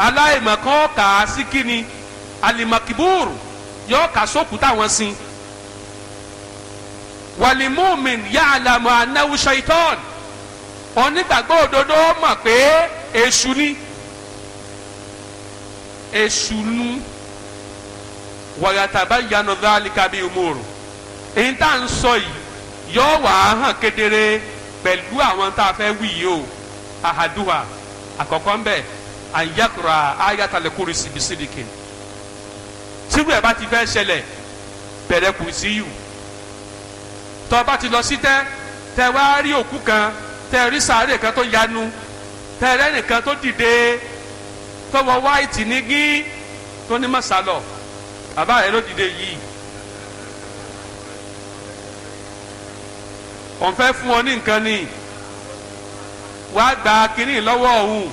aláìmọ̀kan kà á sí alimakiburu yóò kà sókù táwọn sin walimumin yaalamu anahu shaitan onígbàgbọ́ òdodo mọ̀ pé èṣù ni èṣù nu wàyàtàbá yanu dhalika bí umuru èyí tá à ń sọ yìí yóò wà á hàn kedere pẹ̀lú àwọn tá a fẹ́ wí yìí o àhàdùwà àkọ́kọ́ ń bẹ àyàkùrà ayatalẹ kùrìsì bisidiki sírú ẹ e bá ti fẹ́ ṣẹlẹ̀ bẹ̀rẹ̀ kùrìsì yù tọ́ bá ti lọ sí tẹ́ tẹ́ wá rí kan tẹ́ rí kan tó yanu tẹ́ rẹ́nìkan tó dìde tọwọ́ wáìtì ní gín tó ní mọ̀sálọ̀ bàbá rẹ ló dìde yìí òun fẹ́ fún ọ ní nǹkan ni wàá gba kínní lọ́wọ́ òun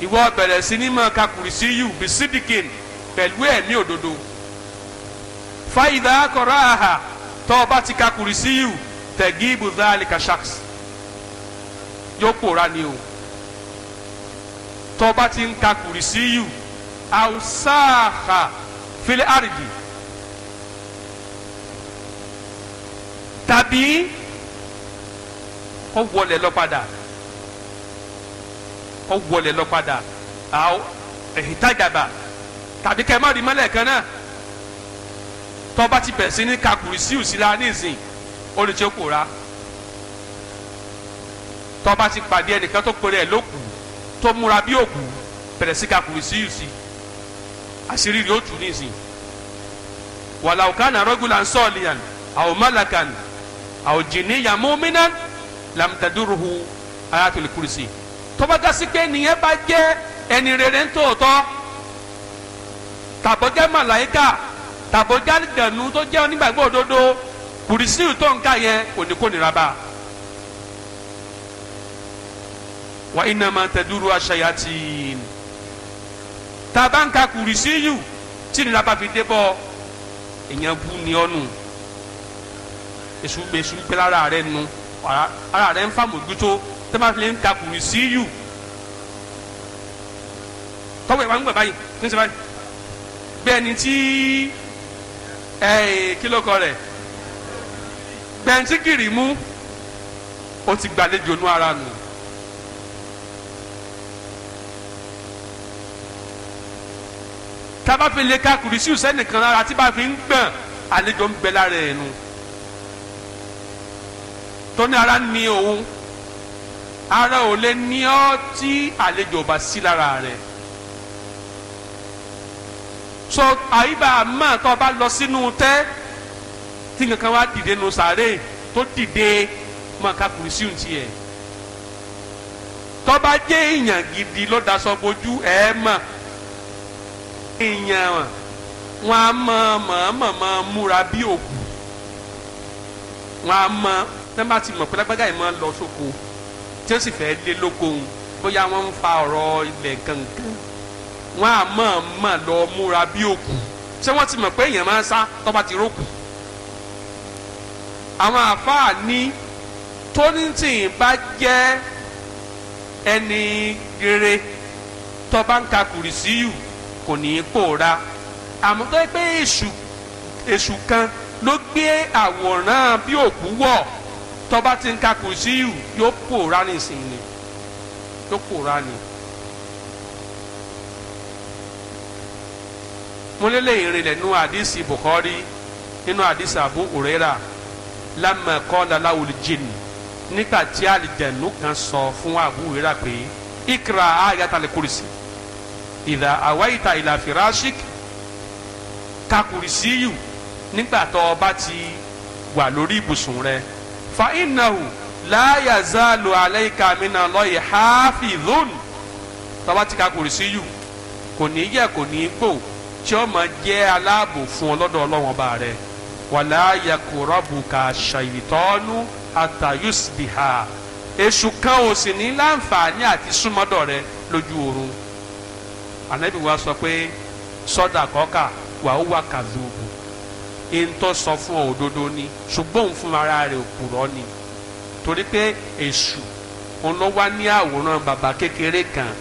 ìwọ bẹ̀rẹ̀ sí ní máa ka kùrìsí yìí bí sídìkìn pẹ̀lú ẹ̀mí òdodo fàyídà kọ̀rọ̀ àhà tọ́ ọ bá ti ka kùrìsí yìí tẹ̀gí ibùdó àlìkà sharks yóò pòórá ni o tọ́ ọ bá ti ń ka kùrìsí yìí àwùsáàhà fílẹ̀ àrìdì tàbí ó wọlé lọ padà kó wọlé lọ padà àwọn ìtajàbà tàbí kẹ́ ẹ má rí mọ́lẹ̀ kan náà tó bá ti bẹ̀rẹ̀ sí ní kakùrì sí òsìlá nísìn ó lè tí ó pòórá tó bá ti pàdé ẹnìkan tó pèrè ẹ̀ lókù tó múra bí òkú bẹ̀rẹ̀ sí kakùrì sí òsì àṣírí rí ó tù nísìn wàlàó rọ́gùlà ń sọ̀ọ̀lì àwọn mọ́làkàn àwọn jìnnìyàn mọ́mínà làmtàdúró hu ayatul kursi tọ́ba gasi pé nìyẹn bá jẹ́ ẹni rere ńtòótọ́ tàbọ̀jẹ́ màláyíkà tàbọ̀jẹ́ àdànù tó jẹ́ onígbàgbọ́ òdodo kùrìsíù tó ń ká yẹn kò ní kó nira bá a. wa iná máa tẹ dúró aṣáyà tì í ka kùrìsíù tí nira bá fi dé bọ́ èèyàn bú ni ọ́ nù èṣù gbèsù gbé lára rẹ̀ nù ara rẹ̀ ń fàmójútó tẹ́máfìlẹ̀ ń ta kùrù sí yù tọ́wọ́ ìwà ń gbà báyìí ní sọ báyìí bẹ́ẹ̀ ni tí kí ló kọ rẹ̀ bẹ́ntíkìrì mú ó ti gbàlejò nú ara nù. tábàfẹ́lẹ́ ká kùrù sí yù sẹ́nìkan lára tí bá fi ń gbọ̀n àlejò ń bẹ lára ẹ̀ nù ara ní òun ara ò lè ní ọ tí àlejò bá sí lára rẹ so àyíbá àmọ́ tó bá lọ sínú tẹ́ tí kankan wá dìde nù sàárè tó dìde mọ ká kùrì sí ti ẹ̀ tó bá jẹ́ èèyàn gidi ló daṣọ bojú ẹ̀ mọ̀ èèyàn wọn a mọ mọ̀ọ́mọ̀ múra bí òkú wọn a mọ tẹ́ bá ti mọ̀ pé yìí máa lọ sóko. So tí wọ́n sì fẹ́ lé lóko òun bóyá wọ́n ń fa ọ̀rọ̀ ilẹ̀ gangan wọ́n á mọ̀ mọ̀ lọ múra bí òkú ṣé wọ́n ti mọ̀ pé èèyàn máa ń sá tó bá ti rókù àwọn àfáà ní tóníntìn bá jẹ́ ẹni rere tó ń ka kùrìsíyù kò ní í pòórá àmọ́ pé èṣù kan ló gbé àwòrán bí òkú wọ̀ tọba ti ń ka kò sí yù yóò pòórá nísìnyí ni yóò pòórá ni. mo lélẹ̀ ìrìnlẹ̀ nínú àdìsí Bukhari nínú àdìsí Abu Huraira lamma qala lahul jinn nígbà tí àlìjẹ̀nu kan sọ fún Abu Huraira pé ikra ayatal kursi idha awaita ila firashik ka kursi yù nígbà tó o ti wà lórí ibùsùn rẹ. فإنه لا يزال عليك من الله حافظ tó bá ti ka Kùrìsíyù kò ní kò ní tí ó máa jẹ́ aláàbò fún ọ lọ́dọ̀ rẹ wà yakurabuka ṣàyìtọ́nù àtàyùsìbìhà èṣù kan ò sì ní láǹfààní àti súnmọ́dọ̀ rẹ lójú oorun sọ pé ntọ́ sọ fún ọ òdodo ni ṣùgbọ́n òun fún ara rẹ̀ òpùrọ́ ni torí pé èṣù òun ló wá ní àwòrán bàbá kékeré kan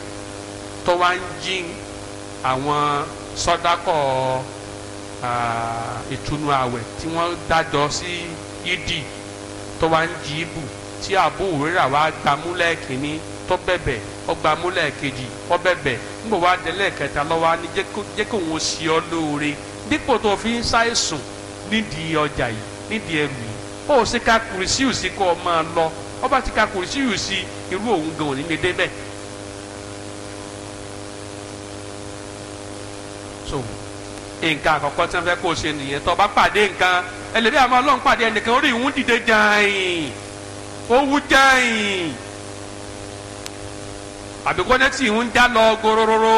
tó wá ń jí àwọn sọ́dákọ̀ ìtùnú àwẹ̀ tí wọ́n dájọ́ sí yídì tó wá ń jí ibù tí àbú òwúrẹ́rà wá gbámú lẹ́ẹ̀kínní tó bẹ̀bẹ̀ ó gbámú ó bẹ̀bẹ̀ nígbà wá dé lẹ́ẹ̀kẹta lọ́wọ́ á ní jẹ́ kóun ṣe ọ lóore dípò tó fi ń ṣàìsùn nídìí ọjà yìí nídìí ẹrù yìí ó sì ka kùrìsíù sí kó o máa lọ ọba ti ka kùrìsíù sí irú òun gan òní lè débẹ̀. so nǹkan àkọ́kọ́ tí wọ́n fẹ́ kó o ṣe nìyẹn tó o bá pàdé nǹkan ẹlẹ́dẹ́ àmọ́ ọlọ́run pàdé ẹnìkan orí ìwúndì dìde jàn ó wú jàn-ín àbíkọ́ náà tì ń já lọ gorororo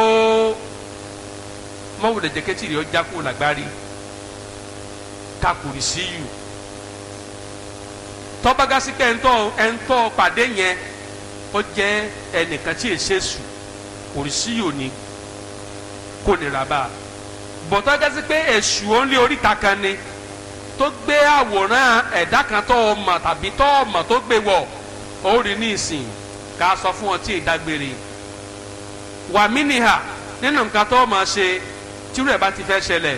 mọ́wùlẹ̀ jẹ́kẹ́tì rẹ̀ ó já kúrò lágbárí ka kùrìsí yù tọ́bágásí pé ẹ̀ńtọ́ ẹ̀ńtọ́ pàdé yẹn ó jẹ́ ẹnìkan tí èsè sù ni kò nira bá a bọ̀tọ́gásí pé èṣù ó ń lé oríta kan ni tó gbé àwòrán ẹ̀dá kan tó o mọ̀ tàbí tó o mọ̀ tó gbé wọ̀ ó rí ní ìsìn ká sọ fún ọ tí ìdágbére wàmínìhà nínú nǹkan tó o ṣe tírú ẹ̀ bá ti fẹ́ ṣẹlẹ̀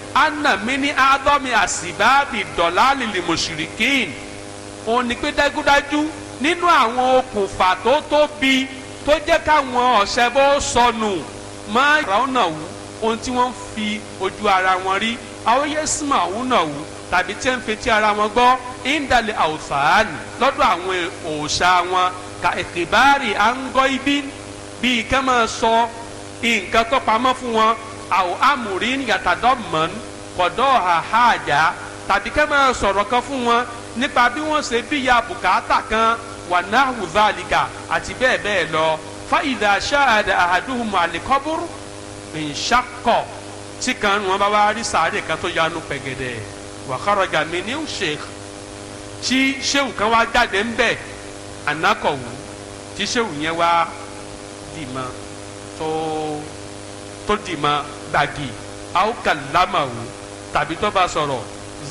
anna mi ní adọ́mi àsìbáàdì dọ̀làlì lìmọ̀ṣìrìkìn òun ni pé dájúdájú nínú àwọn okùnfà tó tóbi tó jẹ́ káwọn ọ̀sẹ̀ bó sọnù máa yàrá òun wù ohun tí wọ́n fi ojú ara wọn rí àwọn yẹ́sìmọ̀ òun náà wù tàbí tí ń fetí ara wọn gbọ́ ìndàlẹ̀ àwòfàán lọ́dọ̀ àwọn òòṣà wọn ka ekibari à ń gọ́ ibi bíi ká máa sọ nǹkan tó pamọ́ fún wọn àwọn amòrin yàtàdọ́ mọ̀n kọ̀dọ̀ àhàjà tàbí kẹ́ máa sọ̀rọ̀ kan fún wọn nípa bí wọ́n ṣe bíya bùkátà kan wà náà wùzálìkà àti bẹ́ẹ̀ bẹ́ẹ̀ lọ fáìdà ṣáàdà àhàdùhùmù àlìkọ́bùrù ìṣàkọ̀ tí kan wọn bá wá rí sàárè kan tó yanu pẹ̀gẹ̀dẹ̀ wàhárọ̀jà mi ní sheikh tí sheikh kan wá jáde ń bẹ̀ ànákọ̀wù tí sheikh yẹn wá dì mọ́ tó. So, tó dì mọ́ gbàgì aw kàlámàwò tàbí tó bá sọ̀rọ̀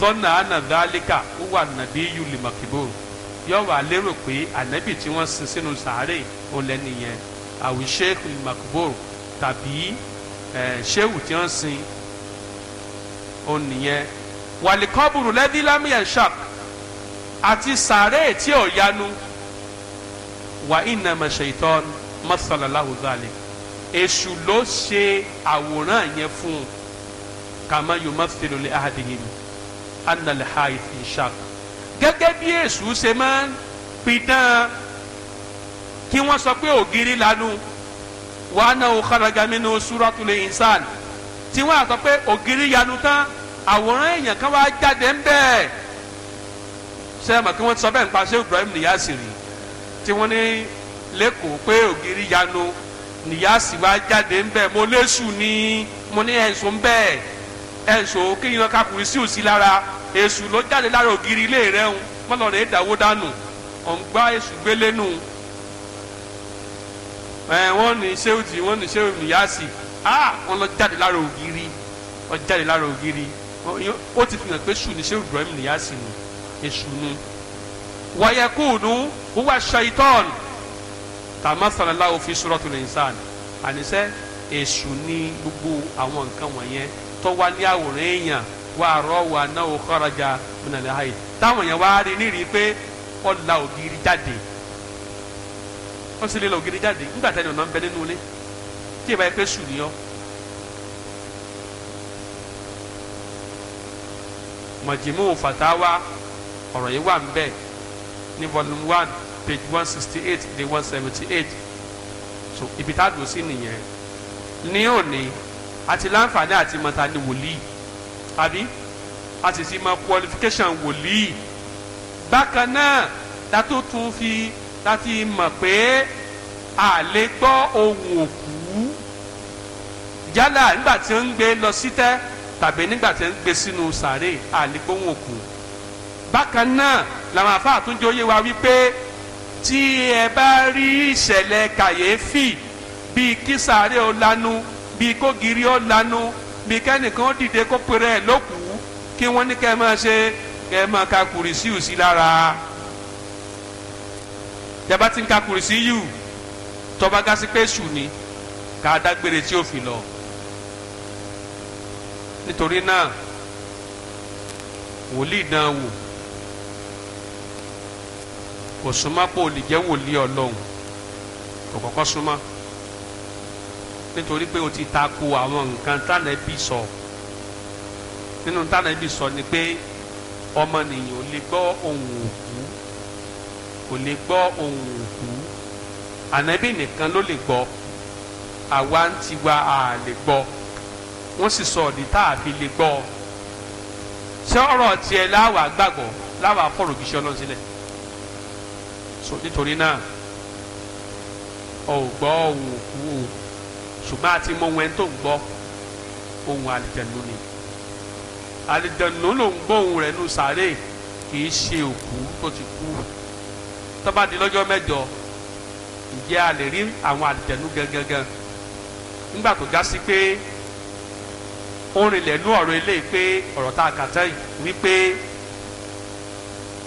zọ́nà ànàdálíkà ó wà nàbí yulimakibo yóò wà lérò pé ànábì tí wọ́n sin sínú sàárè òun lẹ́nu yẹn àwìn sheikh makibo tàbí shehu tí wọ́n sin òun nìyẹn wàlíkọ́bùrù lẹ́dí lámìyàn shark àti sàárè tí ò yanu wà ìnàmọ̀ ṣèitán mọ́sálàláhùn zálẹ̀ èṣù ló ṣe àwòrán yẹn fún un kàmá yumathilu li ahadihim anna al-hayth shaq gẹ́gẹ́ bí èṣù ṣe máa ń pidán kí wọ́n sọ pé ògiri lanu wa annahu kharaja minhu suratul insan tí wọ́n á sọ pé ògiri yanu tán àwòrán èèyàn kan wá jáde ń bẹ́ẹ̀ sẹ́yìnbà kí wọ́n sọ bẹ́ẹ̀ ń pa ṣé Ibrahim Niyasiri tí wọ́n ní lẹ́kọ̀ọ́ pé ògiri yanu nìyá sì wá jáde ńbẹ mo léṣù ni mo ní ẹ̀sùn ńbẹ ẹ̀sùn kéèyàn kakùrú sí òsì lára èṣù ló jáde lára ògiri ilé rẹ ń mọ́lọ́ rẹ̀ dáwó dànù ọ̀ǹgbá èṣù gbélé nù ẹ̀ wọ́n ní ṣéwù tí wọ́n ní ṣéwù nìyá sì á wọ́n lọ jáde lára ògiri ó jáde lára ògiri ó ti fi hàn pé sùn ní ṣéwù Ibrahim nìyá sì nù èṣù nù wọ́yẹ kúùnù wọ́n wá ṣe tàmásàlálà òfin suratul insan àníṣe èṣù ní gbogbo àwọn nǹkan wọ̀nyẹn tó wá ní àwòrán èèyàn wà rọ́ wà náà ò kharaja minal hayy táwọn èèyàn wá rí nírìí pé ó la ògiri jáde ó sì lè ògiri jáde nígbà tẹ́lẹ̀ ọ̀nà ń bẹ nínú ilé tí ìbáyé pé sùn ní ọ́. Majmu fatawa ọ̀rọ̀ yìí wà ń bẹ ní volume one page one sixty eight dé one seventy eight so ibi tá a dùn sí nìyẹn ní òní àti láǹfààní àti mọ̀tà ni wòlíì àbí a sì ti qualification wòlíì bákan náà dátó tún fi láti mọ̀ pé a lè gbọ́ ohùn òkú yálà nígbà tí ń gbé lọ sítẹ́ tàbí nígbà tí ń gbé sínú sàárè a gbọ́ ohùn òkú bákan náà làwọn àfáà tún wa wípé tí ẹ bá rí ìṣẹ̀lẹ̀ kàyéfì bíi kí sàárè ó lanu bíi kógiri ó lanu bíi kẹ́nìkan ó dìde kó pèrè ẹ̀ lókùú kí wọ́n ní kẹ́ ẹ máa ṣe kẹ́ ẹ máa ka kùrìsí yù sí lára tẹ́bá ti ń ka kùrìsí yù tọ́ba gásí pé sù ni ká dágbére tí ó fi lọ nítorí náà wòlíì dán wò kò súnmọ́ pé olùjẹ́ wòlíì ọlọ́run kò kọ́kọ́ súnmọ́ nítorí pé o ti tako àwọn nǹkan tánàbí sọ nínú tánàbí sọ ni pé ọmọnìyàn ò lè gbọ́ ohùn òkú kò lè gbọ́ ohùn òkú ànábì nìkan ló lè gbọ́ àwa ń tiwa à lè gbọ́ wọ́n sì sọ ọ̀dí tá a fi lè gbọ́ ṣé ọ̀rọ̀ tiẹ̀ láwàá gbàgbọ́ láwàá fọ̀rọ̀ kìí ṣe ọlọ́run sílẹ̀ so nítorí náà ọ̀gbọ́ òun òkú o ṣùgbọ́n àti mọ ohun ẹni tó ń gbọ́ ohun àlìjẹ̀nu ni àlìjẹ̀nu ló ń gbọ́ ohun rẹ̀ nù sàárè kì í ṣe òkú tó ti kú tó bá di lọ́jọ́ mẹ́jọ ǹjẹ́ a lè rí àwọn àlìjẹ̀nu gangan nígbà tó já sí pé ó rinlẹ̀ ọ̀rọ̀ eléyìí pé ọ̀rọ̀ tá a kà tán yìí wípé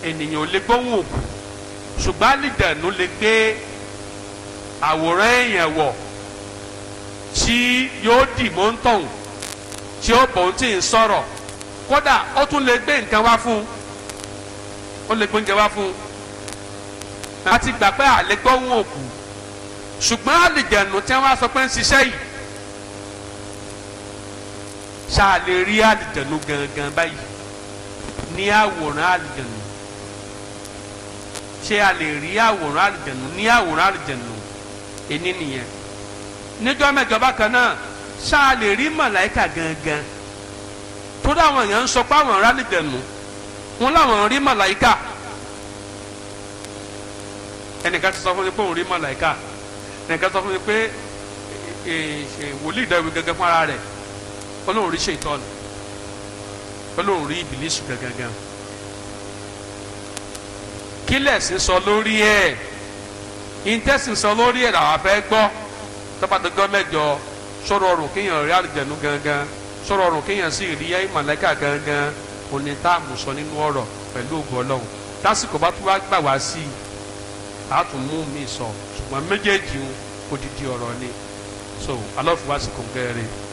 ènìyàn ò lè gbóhùn òkú ṣùgbọ́n àlìdànù lè gbé àwòrán èèyàn wọ̀ tí yóò dì mọ́ ń tọ̀hún tí ó bọ̀ ń tì ń sọ̀rọ̀ kódà ó tún lè gbé nǹkan wá fún un ó lè gbé nǹkan wá fún un a ti gbà pé àlẹ́ gbọ́ òkú ṣùgbọ́n àlìjẹ̀nù tí wọ́n á sọ pé ń ṣiṣẹ́ yìí ṣáà lè rí àlìjẹ̀nù gangan báyìí ní àwòrán àlìjẹ̀nù ṣé a lè rí àwòrán àlùjànnú ní àwòrán àlùjànnú ẹni nìyẹn níjọ́ mẹ́jọ bákan náà ṣá a lè rí màláìkà gangan tó dáwọn èèyàn ń sọ pé àwọn ará àlùjànnú wọn làwọn rí màláìkà ẹnìkan ti sọ fún mi pé òun rí màláìkà ẹnìkan sọ fún mi pé wòlíì dẹ̀wì gangan fúnra rẹ̀ ọlọ́run rí ṣètọ́nù ọlọ́run rí ìbílísù gangan gan kí lẹ̀sìn sọ lórí ẹ̀ ìtẹ̀sìn sọ lórí ẹ̀ làwọn afẹ́ gbọ́ tọ́pàdégọ́ mẹ́jọ sọ̀rọ̀ ọ̀rùn kéèyàn rí àlùjẹ̀nu gangan sọ̀rọ̀ ọ̀rùn kéèyàn sì rí màlẹ́kà gangan òní tá a mú sọ nínú ọ̀rọ̀ pẹ̀lú ògùn ọlọ́run tásìkò bá tún wá gbà wá sí i a tún mú mi sọ ṣùgbọ́n méjèèjì òdìdí ọ̀rọ̀ ni so alọ́ fi wá sí kòǹgẹ́rẹ́.